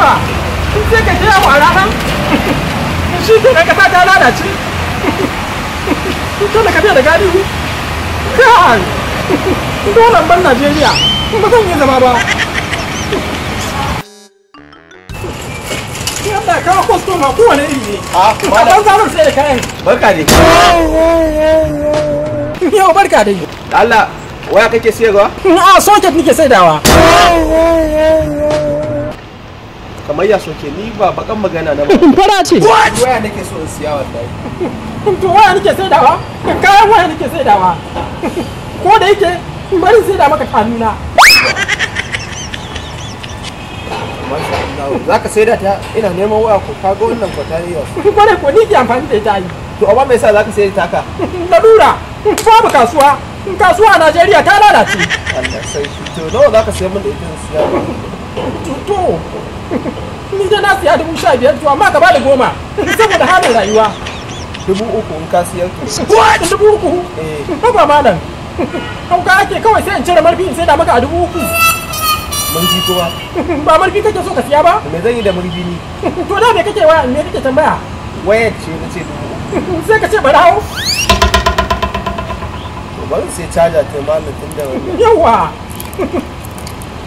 haba kun sai ka jira wa rahan shi ke na kasa ta lalace kun tana ka da galihu kai dole ban najeriya ba zan yi zama ba Allah ya ah, A ban zarar waya kake siyarwa? A ah, soket nake saidawa. kamar ya soke ni ba bakan magana na ba fara ce waya nake so in siya wallahi to waya nake sai dawa kayan waya nake sai dawa ko da yake bari sai da maka kanuna za ka sai da ta ina neman waya ko kaga wannan ko ne yau kore ko ni ke amfani da ita yi to amma me yasa za ka sai da taka larura babu kasuwa kasuwa a Najeriya ta lalace Allah sai to nawa za ka sai mun da ita siya to ni dai na siya dubu sha biyar to amma ka bada goma saboda halin rayuwa dubu uku in ka siya to what dubu uku eh ba malam hauka ake kawai sai in cire marfi in sai da maka a dubu uku murfi kuma ba murfi kake so ka siya ba me zan yi da murfi ni to da me kake waya me kake tambaya wayar ce na ce dubu uku. sai ka ce bari hau to bari sai caja ta malam tun da wani yawa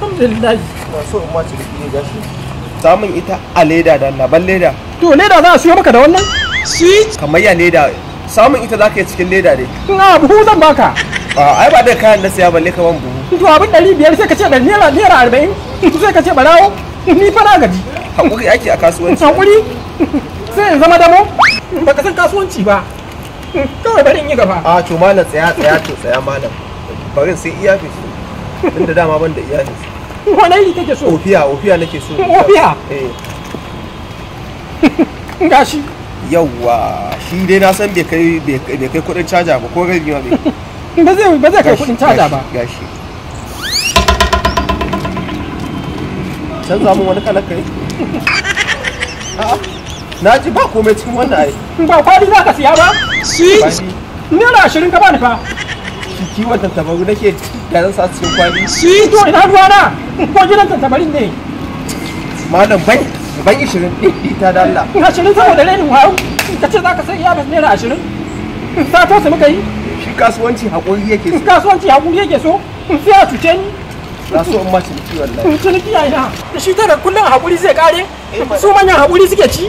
alhamdulillah masu umma ce ne gashi samun ita a leda da na ban leda to leda za a siyo maka da wannan shi kamar ya leda samun ita za ka yi cikin leda ne. na buhu zan baka ai ba da kayan da siya balle ka ban buhu to abin ɗari biyar sai ka ce ɗari naira naira arba'in sai ka ce barawo ni fara gaji hakuri ake a kasuwanci hakuri sai in zama damo Ba ka san kasuwanci ba kawai bari in yi gaba a to malam tsaya tsaya to tsaya malam Barin sai iya fi tun da dama ban da iyali wani aiki kake so ofiya ofiya nake so ofiya eh gashi yawwa shi dai na san bai kai bai kai kudin caja ba ko rabi ma bai ba zai ba zai kai kudin caja ba gashi canza mun wani kalar kai na ji ba komai cikin wannan ai ba kwari za ka siya ba ni naira ashirin ka bani fa ki kiwon tantabaru nake garin sa cikin kwani. shi to ina ruwa na ko gidan tantabarin ne malam bai ban 20 ɗin ta da Allah 20 saboda renin wayo ka ce za ka sai iya naira ashirin. ta tosa muka yi shi kasuwanci haƙuri yake so kasuwanci haƙuri yake so sai a cuce ni na so in ma ciniki wallahi ciniki ya da shi tara kullum haƙuri zai kare su manyan haƙuri suke ci